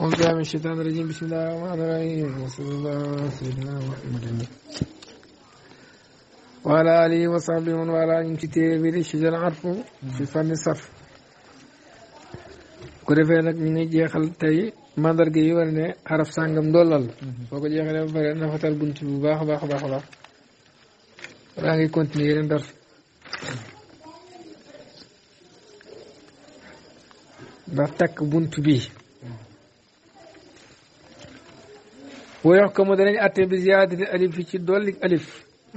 أعوذ بالله من الشيطان الرجيم بسم الله الرحمن الرحيم وصلى الله على سيدنا محمد وعلى آله وصحبه ومن والاه من كتاب الشجر العرف في فن الصف كره فين نك ني جيخال تاي مندر جي ورني حرف سانغام دولال فوكو جيخال فري نافتال بونت بو باخ باخ باخ لا راغي كونتيني يرن درس دا تاك بونت بي woyox ko mu danañ atte bi ziyaadati alif ci dolli alif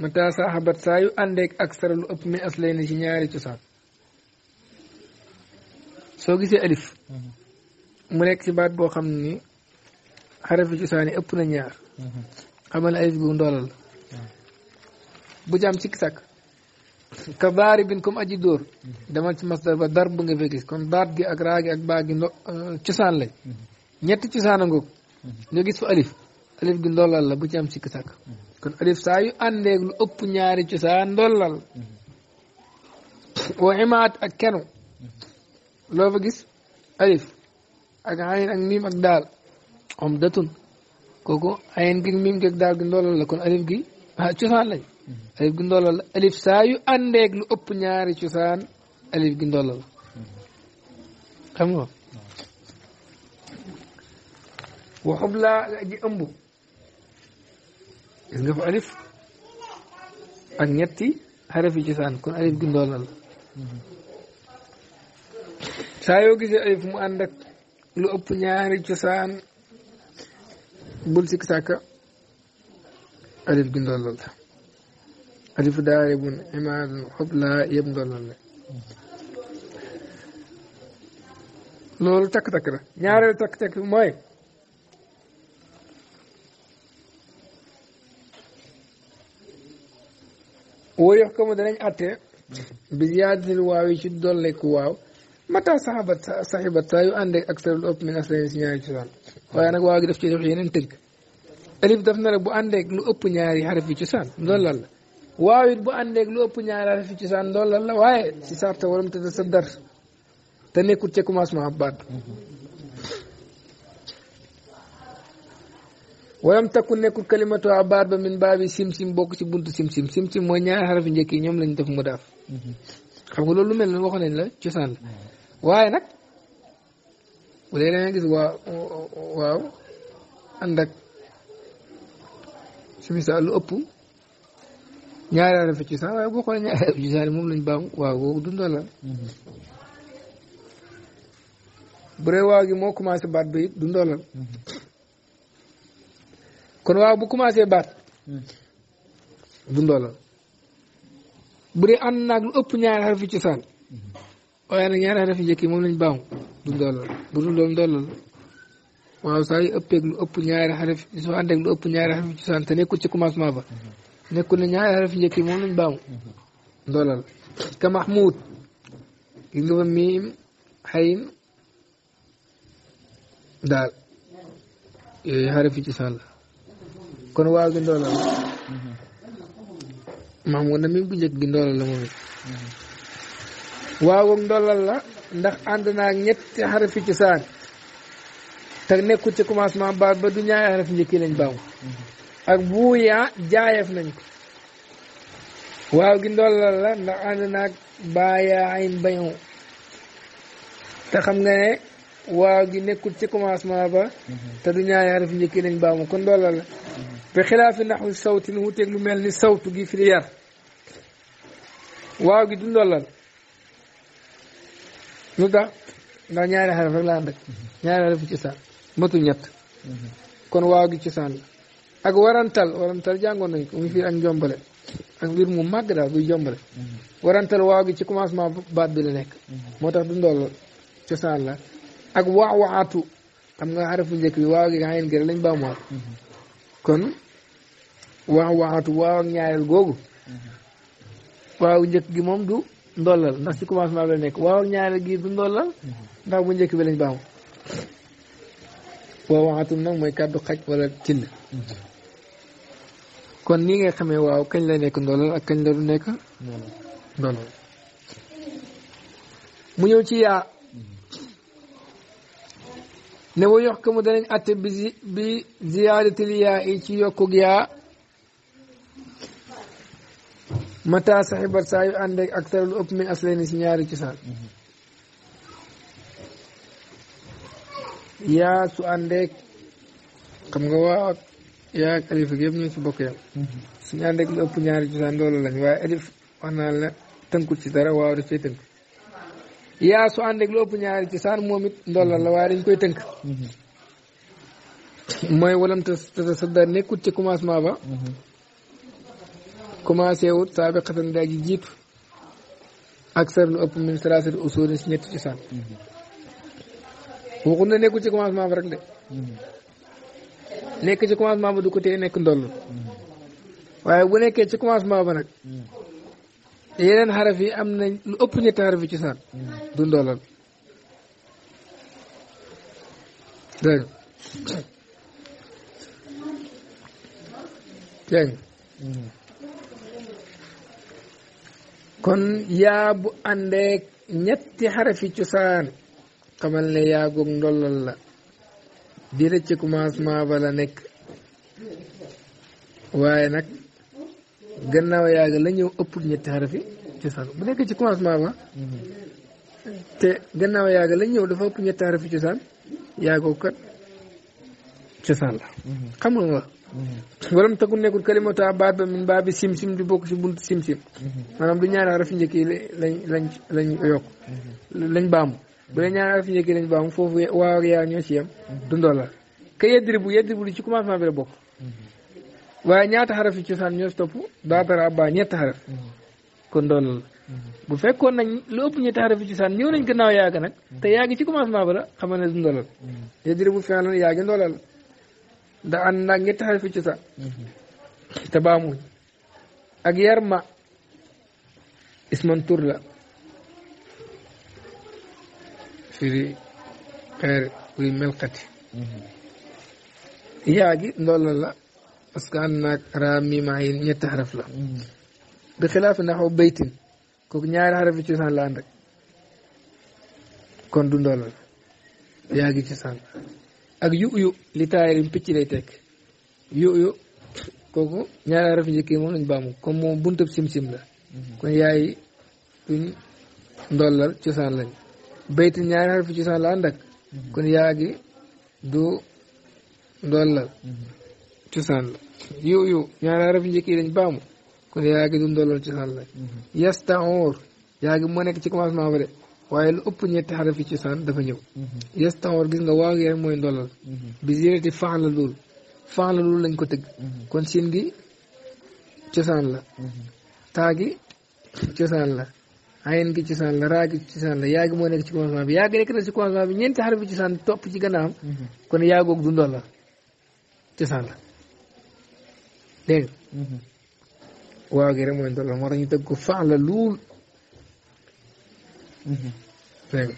mata saaxabat saa yu àndeek ak sara ëpp mi aslay ni ci ñaari cosaan soo gisee alif mu nekk ci baat boo xam ni xarafi cosaan yi ëpp na ñaar xamal alif gu ndoolal bu jam sikk sàkk ka daari bin comme aji dóor demal ci masdar ba dar nga fay gis kon baat gi ak raa gi ak baa gi ndo cosaan lañ ñetti cosaan a ngoog nga gis fa alif alif gi ndollal la bu ci am sikk sàkk kon alif saa yu àndeeg lu ëpp ñaari cosaan ndollal wa imaat ak kenu loo fa gis alif ak ayin ak miim ak daal om datun kooku ayin gi miim gi ak daal alif gi ah alif gi ndollal la saa yu lu ëpp ñaari cosaan alif gi ndollal la xam xubla ji ëmb nga fa alif ak ñetti xaraf yi cosaan kon alif gi ndoolal saa yoo gisee alif mu ànd lu ëpp ñaari cosaan bul sikk sàkka alif gi ndoolal la alif daaribun imaadun xob laa yëpp ndoolal la loolu takk-takk la ñaareel takk-takk mooy woo ko mu danañ àtte bi ziyaadatil waaw yi ci dolleeku waaw mata saxabat saxibat saa yu ànd ak yu lu ëpp min aslin si ñaari cosaan waaye nag waaw gi daf ci def yeneen tënk alif daf na la bu àndeek lu ëpp ñaari xaraf yi cosaan ndollal la waaw bu àndeek lu ëpp ñaari xaraf yi cosaan ndollal la waaye si sarta waram te da sa dar te nekkul ca commencement ab baat walam takku nekkul kalimatu abaat ba min baabi sim sim bokk ci bunt sim sim sim sim mooy ñaari xarafi njëkk yi ñoom lañ def mu daaf xam nga loolu lu mel ne waxoon nañ la cosaan la waaye nag waaw ànd ak si lu ëpp ñaari xarafi cosaan waaye boo xoolee ñaari xarafi cosaan moom lañ baam waaw googu dundal la bu dee waaw gi moo commencé baat ba it kon waaw bu commencé baat dundoo la bu dee ànd naag lu ëpp ñaari xarfi cosaan waaye nag ñaari xarfi njëkk yi moom lañ baamu dundoo la bu dundoo ndoo la waaw saa yu ëppeeg lu ëpp ñaar xarfi soo àndeeg lu ëpp ñaari xarfi cosaan te nekkul ci commencement ba nekkul ne ñaari xarfi njëkk moom lañ baamu ndoo la ka mahmoud gis nga fa miim xayim daal yooyu xarfi cosaan la kon waaw gi ndoola la mhm. na mi bu njëkk gi la moom it waawam ndollal la ndax ànd naa ñetti xarafi ci saan te nekkul ci commencement baat ba du ñaari xaraf njëkk yi ak bu yaa jaayef nañ la ndax ànd naag baayaa ayn xam nga waaw gi nekkul ci commencement ba du ñaari xaraf njëkk yi lañ baaxu mhm. mhm. kon ndollal la bi xilaafi sawti sawtin wuteeg lu mel ni sawtu gi fi di yar waaw gi du ndollal lu tax ndax ñaari xaraf rek ñaari xaraf ci saan matu ñett kon waaw ci saan la ak warantal warantal jàngoon nañ ko fi ak njombale ak mbir mu màgg daal buy jombale warantal waaw gi ci commencement baat bi nekk moo tax du ndollal cosaan la ak wax waxaatu xam nga xarafu njëkk bi waaw gi nga xayen gi wax waxatu waaw ak ñaareel googu waaw njëkk gi moom du ndollal ndax ci commencement bi la nekk waaw ak ñaareel gi du ndollal ndax bu njëkk bi lañ baaxu waaw waxatum nag mooy kàddu xaj wala till kon nii nga xamee waaw kañ la nekk ndollal kañ la du nekk ndollal mu ñëw ci yaa ne wa yox mu danañ atte bi bi ziyaadatil yaa yi ci yokkug yaa mata saxibat saa yu ànd ak ak lu ëpp min asleeni si ñaari cosaan yaa su àndeek xam nga waa ak yaa ak alif ak yëpp ñu ci suñu àndeek lu ëpp ñaari cosaan loolu lañ waaye alif wax naa la tënkut ci dara waaw daf cay tënk yaa su àndeek lu ëpp ñaari cosaan moom it ndollal la waaye dañ koy tënk mhm. mooy walam te te sa nekkut ci commencement ba mhm. commencé wut saabiqatan daa ji ak sar lu ëpp min salaasati usuulin si ñetti cosaan waxul na nekkul ci commencement ba rek de nekk ci commencement ba du ko nekk ndoll waaye bu nekkee ci commencement ba nag yeneen xaraf yi am na lu ëpp ñetti xaraf yi cosaan du ndollal dégg kon yaa bu àndeek ñetti xarafi cosaan xamal ne yaa goog ndollal la dina ci commencement ba la nekk waaye nag gannaaw yaa ga la ñëw ëppul ñetti xarafi cosaan bu nekk ci commencement ba te gannaaw yaa ga la ñëw dafa ëpp ñetti xarafi cosaan yaa goog kat cosaan la mm-hmm. xam nga walam mm-hmm. takun nekkul kalimata baat ba min baa bi sim sim di bokk si bunt sim sim mm-hmm. maanaam du ñaari araf njëkk yi lañ lañ lañ yokk mm-hmm. lañ baamu bu dee araf njëkk lañ baamu foofu waaw yaa ñoo si yem du ndollal ka yeddiri bu yeddiri bu li ci commencement bi la bokk waaye ñaata xaraf yi cosaan ñoo si topp baatara abbaa ñetti xaraf bu fekkoon nañ lu ëpp ñetti xaraf yi cosaan ñëw nañ gannaaw yaaga nag te yaagi ci commencement ba la xam ne du bu fian lan yaagi ndollal ndax ànd naag ñetti xarfi cosaan mm-hmm. te baamuñ ak yarma isman tur la firi xeer buy melxati mm-hmm. yaa gi la parce que ànd naag raa miim ayin ñetti xaraf la mm-hmm. bi xilaafi naxaw baytin kooku ñaari xarafi cosaan la ànd rek kon du ndoola la yaa ak yu yu li taayirin picc lay tekk yu yu kooku ñaari araf njëkk moom lañ baamu comme moom buntab sim-sim la mhm. kon yaay duñ ndollal cosaan lañ bayt ñaari araf cosaan la ànd ak mhm. kon yaa gi du ndollal mhm. cosaan la yu yu ñaari araf njëkki lañ baamu kon yaa gi du ndollal cosaan lañ yas taor yaa gi moo nekk ci commencement ba de waaye lu ëpp ñetti xaraf yi cosaan dafa ñëw mhm. yestanor gis nga waaw yaay mooy ndolal mhm. bi zirati fan la loolu fan la loolu lañ ko tëgg mhm. kon siin gi cosaan la taa gi cosaan la ayen gi cosaan la raa gi cosaan la yaa gi moo nekk ci commencement bi yaa gi nekk na ci commencement bi ñeenti xaraf yi cosaan topp ci gannaam kon yaa googu du ndolal cosaan la dégg waaw gi mooy ndolal moo tax ñu tëgg ko fan la lool dégg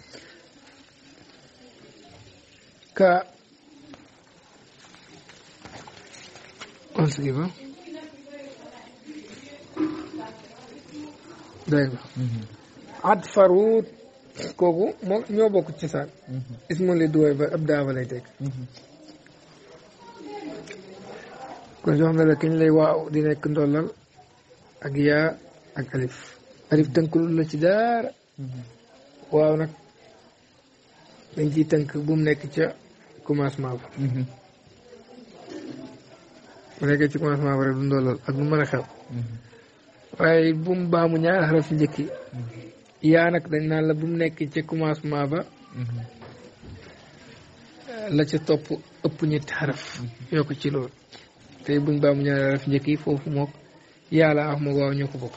ka on sigi ba dégg nga at faruut kooku ñoo bokk ci saar ismu li duway ba ab daaba lay teg kon jox na la kañ lay waaw di nekk ndollal ak yaa ak alif alif tënkulul la ci daara waaw nag dañ ciy tënk bu mu nekk ca commencement ba mhm. bu nekkee ci commencement ba rek du ak lu mën a xew mhm. waaye bu mu baamu ñaari xaraf njëkk mhm. yaa nag dañ naan la bu mu nekk ca commencement ba eh, la ca topp ëpp ñetti xaraf yokk ci loolu tey buñ baamu ñaari xaraf njëkk foofu mook yàlla ak ah, mook waaw ñoo ko bokk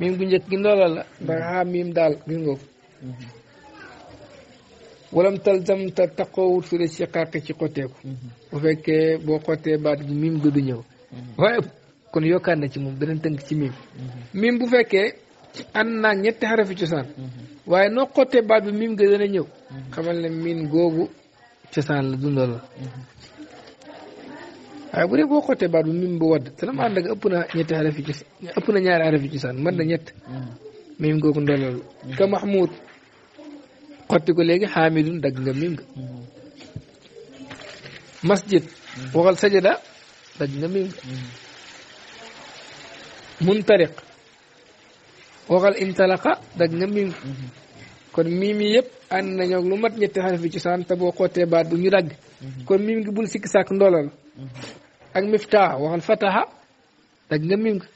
miim gu njëkk gi ndoolal la baraxaa mm-hmm. miim daal gis nga ko mm-hmm. walam talzam te taqoowut fi de si xàq ci xotteeku mm-hmm. bu fekkee boo xottee baat bi miim gi du ñëw waaye kon yokkaat na ci moom dana tënk ci miim miim bu fekkee ànd naa ñetti xarafi cosaan waaye noo xottee baat bi miim gi dana ñëw xamal ne miin googu cosaan la du ndoolal waaye ah, bu dee boo xottee baat bu mim bu wadd te la ma ànd ëpp na ñetti araf yi ci ëpp na saan mën na ñett mim mm. googu ndolol mm. ka mahmoud xotti ko léegi xaamidun dagg nga mim nga mm. masjid waxal sajada dagg nga mim dagg nga mim nga mm-hmm. kon miim yi yëpp ànd lu mat ñetti araf yi ci saan te boo xottee baat bu ñu dagg mm-hmm. kon mim ngi bul sikki sàkk ndolol ak miftaax waxal fataxa dagg nga miim ka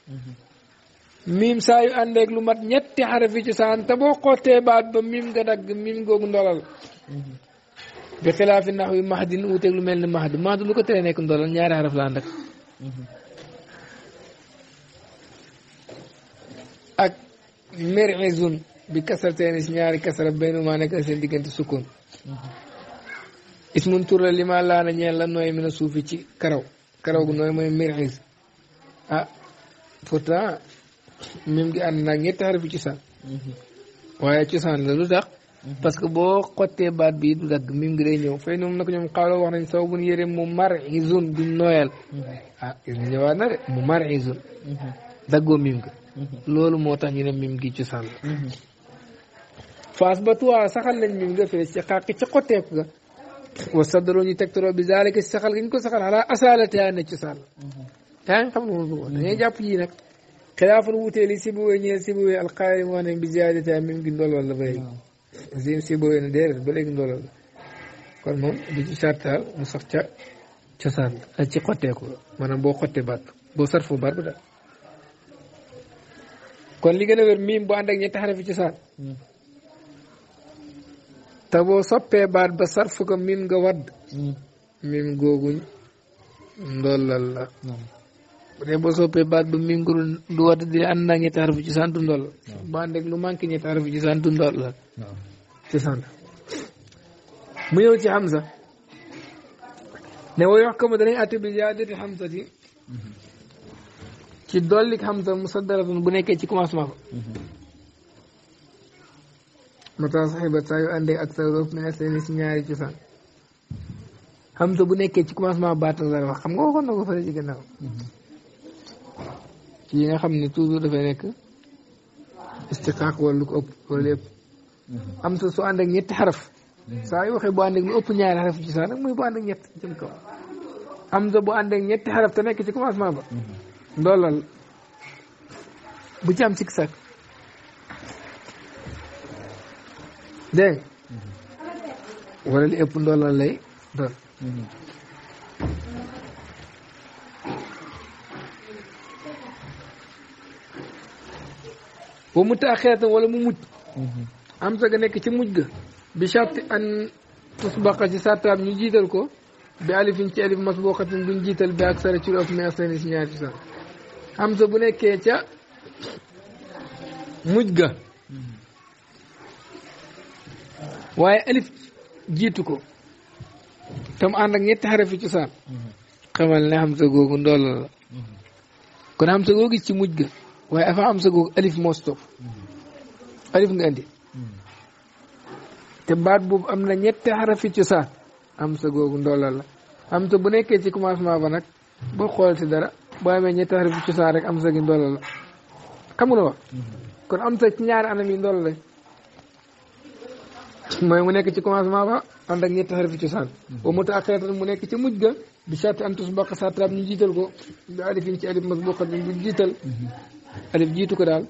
miim saa yu àndeeg lu mat ñetti xarafi ci saan te boo xottee baat ba miim nga dagg miim googu ndolal bi xilaafi nax wi mahdin uuteeg lu mel ni mahd mahd lu ko tere nekk ndolal ñaari xaraf la ànd ak ak merizun bi kasar teeni ñaari kasara benn maa nekk seen diggante sukkoon ismun tur la li ma laana ñeel la nooy mën suufi ci karaw karaw gu nooy mooy miris ah pourtant mim gi ànd naag ñetti xarfi cosaan waaye cosaan la lu tax parce que boo xottee baat bi du dagg mim gi day ñëw fay noom na ko ñoom xaaloo wax nañ saw bu ñu yëre mu marizun duñ nooyal ah gis nga ñëwaat na de mu marizun daggoo mim gi loolu moo tax ñu ne mim gi cosaan la mhm. faas ba tuwaa saxal nañ mim nga fee ci xàq ci xotteeku ga wasadaloo ñu tegtaloo bi zalika si saxal gañ ko saxal ala asaalata ne ci sàll taa ngi xam nga ko dañuy jàpp ji nag xilaaful wutee li sibowee ñeel sibowee alqaalim wax ne bi ziyaadata mim gi ndolol la ba léegi sim sibowee ne déedéet ba léegi ndolol kon moom di ci sartaal mu sax ca cosaan ak ci xotteeku maanaam boo xottee baat boo sarfoo baat bu daal kon li gën a wér miim bu ànd ak ñetti cosaan hmm. te boo soppee baat ba sarfu ko min nga wadd min mm. googuñ ndollal la mm. bu dee boo soppee baat ba min nguru du wadd di ànd naa ñetti ci santu ndoll mm. bu ànd lu manqué ñetti xarfu ci santu ndollal ci sant mu ñëw ci Hamza ne woo yox kama danañ atte bi yaadati Hamza ti mm-hmm. ci dollik Hamza musaddaratun bu nekkee ci commencement fa mata saxibat saa yu àndee ak saroof mi aslani si ñaari cosaan sa bu nekkee ci commencement baatal la wax xam nga waxoon na ko fële ci yi nga xam ne toujours dafay nekk istiqaaq wala lu ko ëpp wala am sa su ànd ak ñetti xaraf saa yu waxee bu ànd ak lu ëpp ñaari xaraf ci saa nag muy bu ànd ak ñett jëm kaw am bu ànd ak ñetti xaraf te nekk ci commencement ba ndoolal bu ci am dégg mm-hmm. wala li ëpp ndollal lay doon ba mm-hmm. mu taaxeet wala mu mujj mm-hmm. am ga nekk ci mujj ga bi charte an tusbaqa ci sartaab ñu jiital ko bi alifin ci alif masbuqatin buñ jiital bi ak sara ci lu ëpp mais asani si ñaari sa am sa bu nekkee ca mujj ga waaye alif jiitu ko tam ànd ak ñetti xarafi cosaan xamal ne xam sa googu ndoolal la kon xam sa googu ci mujj ga waaye afa am sa googu alif moo stop alif nga andi te baat boobu am na ñetti xarafi cosaan am sa googu ndoolal la am sa bu nekkee ci commencement ba nag boo xool si dara boo amee ñetti xarafi cosaan rek am sa gi ndoolal la xam nga mhm. kon am sa ci ñaari anam yi la mooy mu nekk ci commencement ba ànd ak ñetti xarfi cosaan wa mutaaxiratan mu nekk ci mujj ga bi sharti an tusbaqa satraab ñu jiital ko bi alifin ci alif masbuqa bi ñu jiital alif jiitu ko daal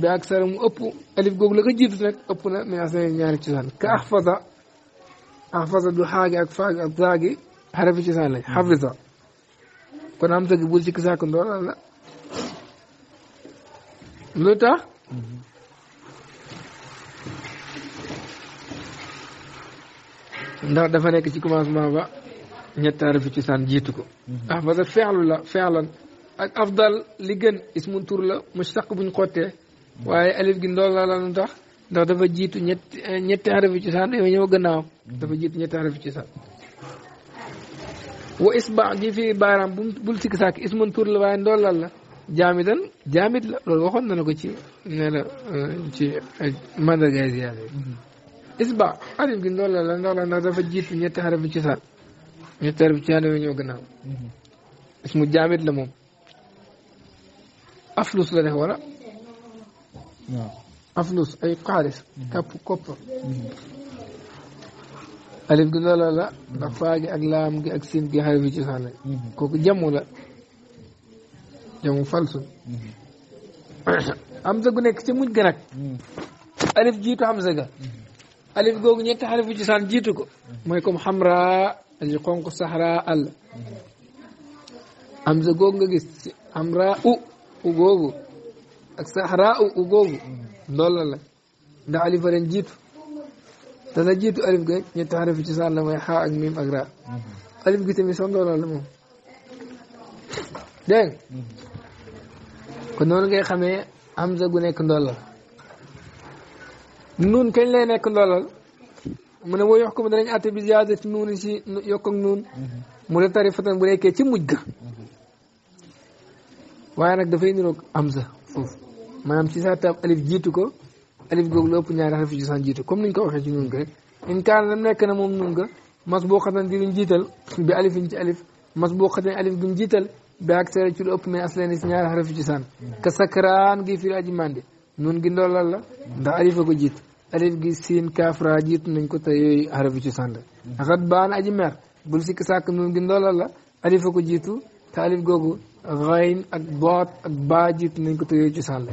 bi ak sara mu ëpp alif googu la ko jiitu nag ëpp na mais as ñaar ci saan ka ahfaza du xaagi ak faagi ak zaagi xarfi cosaan lañ xafisa kon am sa gi bul ci kisaako ndoor la lu tax ndax dafa nekk ci commencement ba ñettaari fi cosaan jiitu ko mhm. ah parce que feexlu la feexlan ak afdal li gën ismu tur la mushtaq buñ xottee mhm. waaye alif gi ndool la lan tax ndax dafa jiitu ñetti eh, ñetti xarafi cosaan dañoo ñëw gannaaw mhm. dafa jiitu ñetti xarafi cosaan wa isba gi fii baaraam bu bul sikk sàkk ismun tur la waaye ndollal la jaamidan jaamit la loolu waxoon na na ko ci ne la eh, ci eh, mandargaay ziyaada isba alif gi ndool la ndool la ndax dafa jiitu ñetti xarafi ci saan ñetti xarafi ci saan yooyu ñoo gannaaw mm-hmm. ismu jaamit la moom aflus la def wala aflus ay xaalis kapp mm-hmm. koppar mm-hmm. alif gi ndool la ndax faa ak laam gi ak siin gi xarafi saan la kooku jamu la jamu falsun hamza gu nekk ci mujj ga nag alif jiitu hamza ga alif googu ñetti ci cosaan jiitu ko mooy comme xamra aji xonq saxra àll hamza googu nga gis xamra u u googu ak saxra u u googu loolu la ndax alif ren jiitu te la jiitu alif ga ñetti xarifu cosaan la mooy xaa ak miim ak ra alif gi tamit son doolal la moom dégg mm-hmm. kon noonu ngay xamee hamza gu nekk ndollal nuun kañ lay nekk ndoolal mu ne boo yox ko mu danañ àtte bi ziyaada ci nuun si yokk ak nuun mu ne tarifatan bu nekkee ci mujj ga waaye nag dafay niroog hamza foofu maanaam ci saa taab alif jiitu ko alif googu lu ëpp ñaari xaraf yu san jiitu comme niñ ko waxee ci nuun ga in kaan dam nekk na moom nuun ga mas boo xatan di luñ jiital bi alif yiñ ci alif mas boo xatan alif guñ jiital bi ak sere ci lu ëpp mais aslan si ñaari xaraf ka sakraan gi firi aji mandi nun gi ndollal la ndax alifa ko jiit alif gi siin kaafra jiit nañ ko te yooyu xarafi ci sànd xat baan aji mer bul sikk sàkk nun gi ndollal la alifa ko jiitu te alif googu xayn ak boot ak baa jiit nañ ko te yooyu ci sànd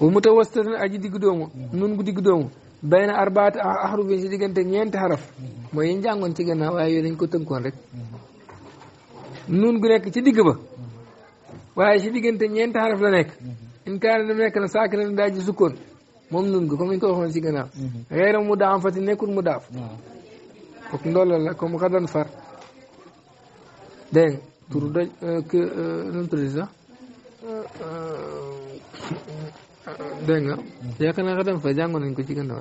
wa mutawassitin aji digg doomu nun gu digg doomu bayna arbaati si diggante ñeent xaraf mooy yi njàngoon ci gannaaw waaye yooyu dañ ko tënkoon rek nun gu nekk ci digg ba waaye si diggante ñeenti xaraf la nekk in kaana dama nekk na saakiran daa sukkoon moom nun gi comme ni ñu ko waxoon si gannaaw xeeram mhm. mu daam fati nekkul mu daaf kooku ndolla la comme xadan far dégg nga turu mhm. doj euh, euh, nu mu tudd sax euh, dégg nga mhm. yaakaar naa xadan far jàngoon nañ ko ci gannaaw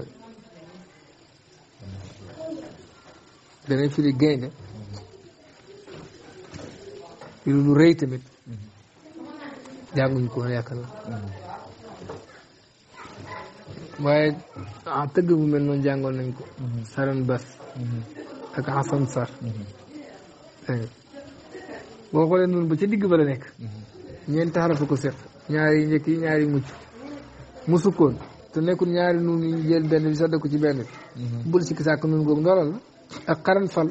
danañ firi gaynde firi lu rëy tamit jànguñ ko woon yaakaar waaye ah tëgg bu mel noonu jàngoon nañ ko. saran bas. ak xasan sar. boo xoolee noonu ba ci digg ba la nekk. ñeent taxaratu ko seq ñaari njëkk yi ñaari mucc mu sukkoon te nekkul ñaari nuun jël benn bi sax ko ci benn bi. bul sikki sàkk nun googu ndoolal la ak xaran fal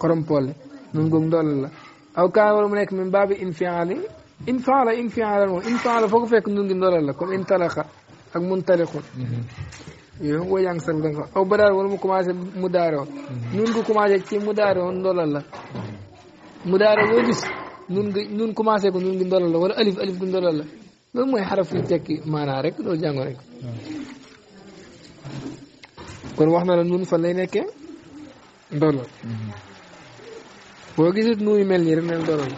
xorom poole nun googu ndoolal la aw kaa war mu nekk min baabi infiali in faala in fiala moom in faala foo ko fekk nun ngi ndolal la comme in talaxa ak mun talixun yo woo jàng sal danga aw ba daal wala mu commencé mu daare woon mm-hmm. nun ko commencé ci mu daare woon ndolal la mu daare boo gis nun ngi nun commencé ko nun ngi ndolal la wala alif alif gi ndolal la loolu mooy xaraf yu tekki maanaa rek loolu jàngoon rek mm-hmm. kon wax na la nun fan lay nekkee ndolal mm-hmm. boo gisit nuuy mel nii rek neen ndolal la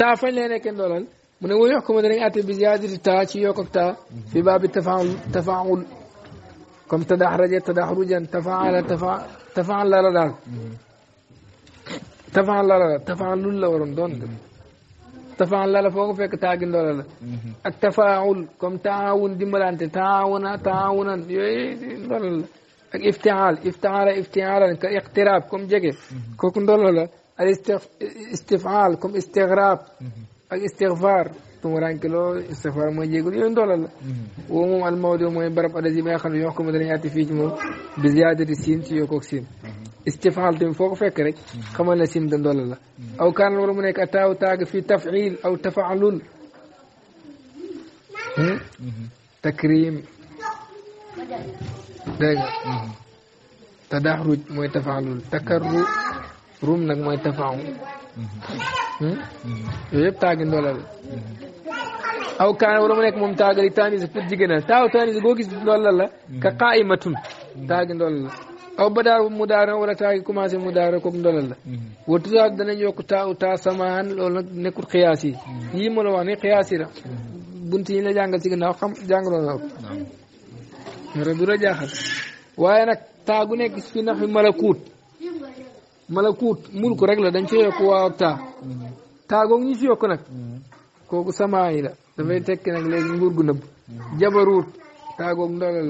taa fañ lay nekkee ndoolal mu ne wuyu wax ko ma danañ àtte bi ziyaadati taa ci yokk taa fi baabi tafaul tafaul tafaal la daal tafaal la tafaal lul la waroon doon tafaal la la foo ko fekk taa gi ndoola la ak tafaul comme taawun dimbalante taawuna taawunan yooyu ndoola la ak ka iqtiraab comme jege mhm. kooku ndoola la الاستفعال كم استغراب الاستغفار تمران كلو استغفار ما يجي يقول يون دولا وهم الموضوع وهم يبرب على زي ما يحكم مثلا ياتي فيه بزيادة السين تي يوكوكسين استفعال تم فوق فكرة كم انا سين دن دولا او كان الامر من اتاو تاغ في تفعيل او تفعلون تكريم تدحرج مو تفعلون تكرر ruum nag mooy tafaaw hmm? yooyu yëpp taagi ndoola aw kaan wala mu nekk moom taagali tanis pour jigéenal taaw tanis goo gis ndoola la ka qaa'imatun taagi ndoola la aw badaar mu daara wala taagi commencé mu daara kooku ndoola la wa tusaab danañ yokk taaw taa nekkul xiyaas yi yii ma la wax ne xiyaas yi la bunt yi la jàngal ci ginnaaw xam jaaxal waaye nag taa gu fi nax fi malakuut mulku rek la dañ ci yokk waaw taa taa googu ñu ci yokk nag kooku samaa yi la dafay tekki nag léegi nguur gu nëbb jabaruut taa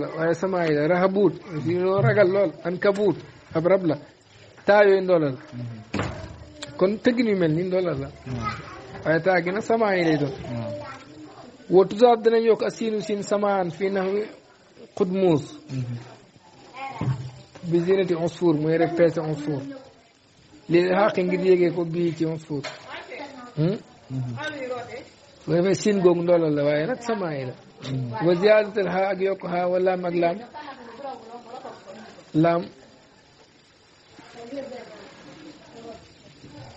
la waaye samaa yi la rahabuut si loo ragal lool ankabuut ab rab la taa yooyu kon tëggin yu mel ni ndoolal la waaye taa gi nag samaa yokk a siinu siin samaan fii naxwi xudmuus bi zinati usfur mooy rek peese usfur lii xaq ngir yégee ko bii ci ma fóot bu defee siin la waaye nag sama yi la wa ziyaadatal xaa ak wa laam ak laam laam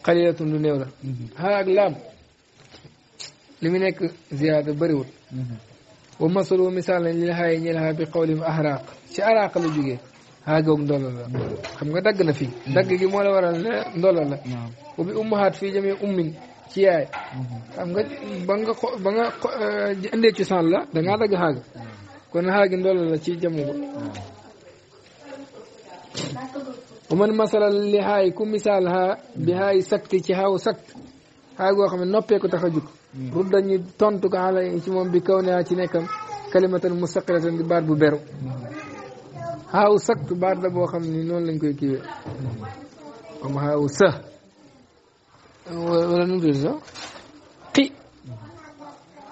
xalilatun lu néew la xaa hmm. ak laam li mu nekk ziyaada bëriwul hmm. wa masalu misaal nañ lil xaayi ñil xaa bi qawlim ahraaq ci araaq haa googu ndoola la xam nga dagg na fii mm-hmm. dagg gi moola la waral ne ndoola la wa bi ummahaat fii jamee ummin ci yaay mm-hmm. xam nga ba nga xo ba eh, la da ngaa dagg xaaga mm-hmm. kon xaagi ndoola la ci jamu ba wa man masalal li xaay ku misaal xaa bi xaay sakti ci xaaw sakt xaa goo xam ne noppee ko tax a jug rudda ñu tontu ko xala ci moom bi kaw ne ci nekkam kalimatan mustaqilatan di baat bu beru xaaw saktu baat la boo xam ni noonu lañ koy kiiwee comme xaaw sa wala nu tudd sax xi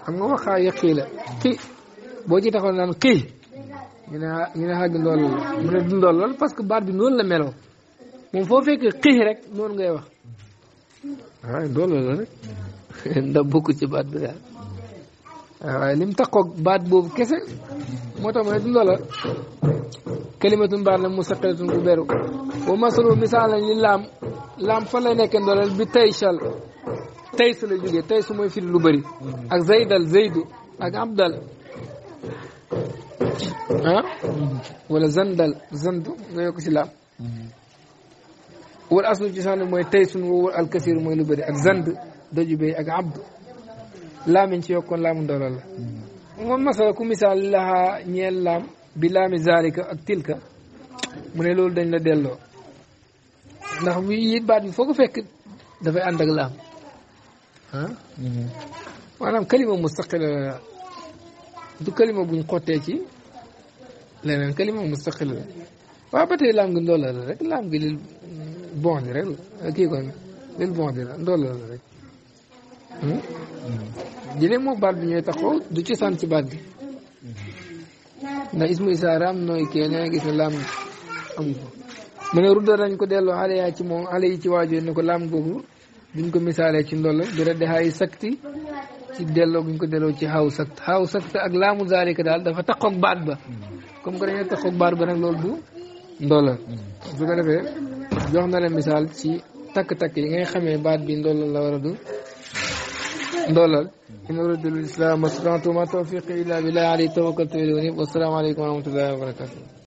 xam nga waxaa yëqii la xi boo ci taxaw naan xi ñu ne ñu ne xaaju ndool la parce que baat bi noonu la meloo moom foo fekk xi rek noonu ngay wax waaw ndool la rek ndax bokku ci baat bi daal waaye lim takkoog baat boobu kese moo tax ma ne du loola kalimatun baat la musaqilatun bu beru wa masalu misaal lañ li laam laam fan lay nekkee ndoolal bi taysal tays la jógee tays mooy firi lu bëri ak zaydal zaydu ak abdal ah wala zandal zandu nga yokk wala aslu ci sànni mooy taysun wowal alkasir mooy lu bëri ak zand doju bey ak abd laamin ci yokkoon laamu ndolal la moom masala ku misaal laxaa ñeel laam bi laami zalika ak tilka mu ne loolu dañ la delloo ndax mu it baat bi foo ko fekk dafay ànd ak laam ah maanaam kalima mustaqila la du kalima buñ xottee ci leneen kalima mustaqila la waaw ba tey laam gi ndolal la rek laam gi lil bon rek la kii kon lil bon di la la rek Hmm? jëlee moo baat bi ñooy taxaw du ci sant ci baat bi ndax ismu isaaraam nooy kee nee gis ne laam amu ko mu ne rudda dañ ko delloo xale yaa ci moom xale yi ci waajur ne ko laam googu duñ ko misaalee ci ndollo bi raddi xaayu sakti ci delloo buñ ko delloo ci xaaw sakt xaaw ak laamu zaalika daal dafa taxoog baat ba comme que dañoo taxoog baat ba nag loolu du ndollo su ko defee jox na la misaal ci takk-takk yi ngay xamee baat bi ndollo la war a du دولار إن أريد الإسلام ما وما توفيقي إلا بالله عليه توكلت إليه والسلام عليكم ورحمة الله وبركاته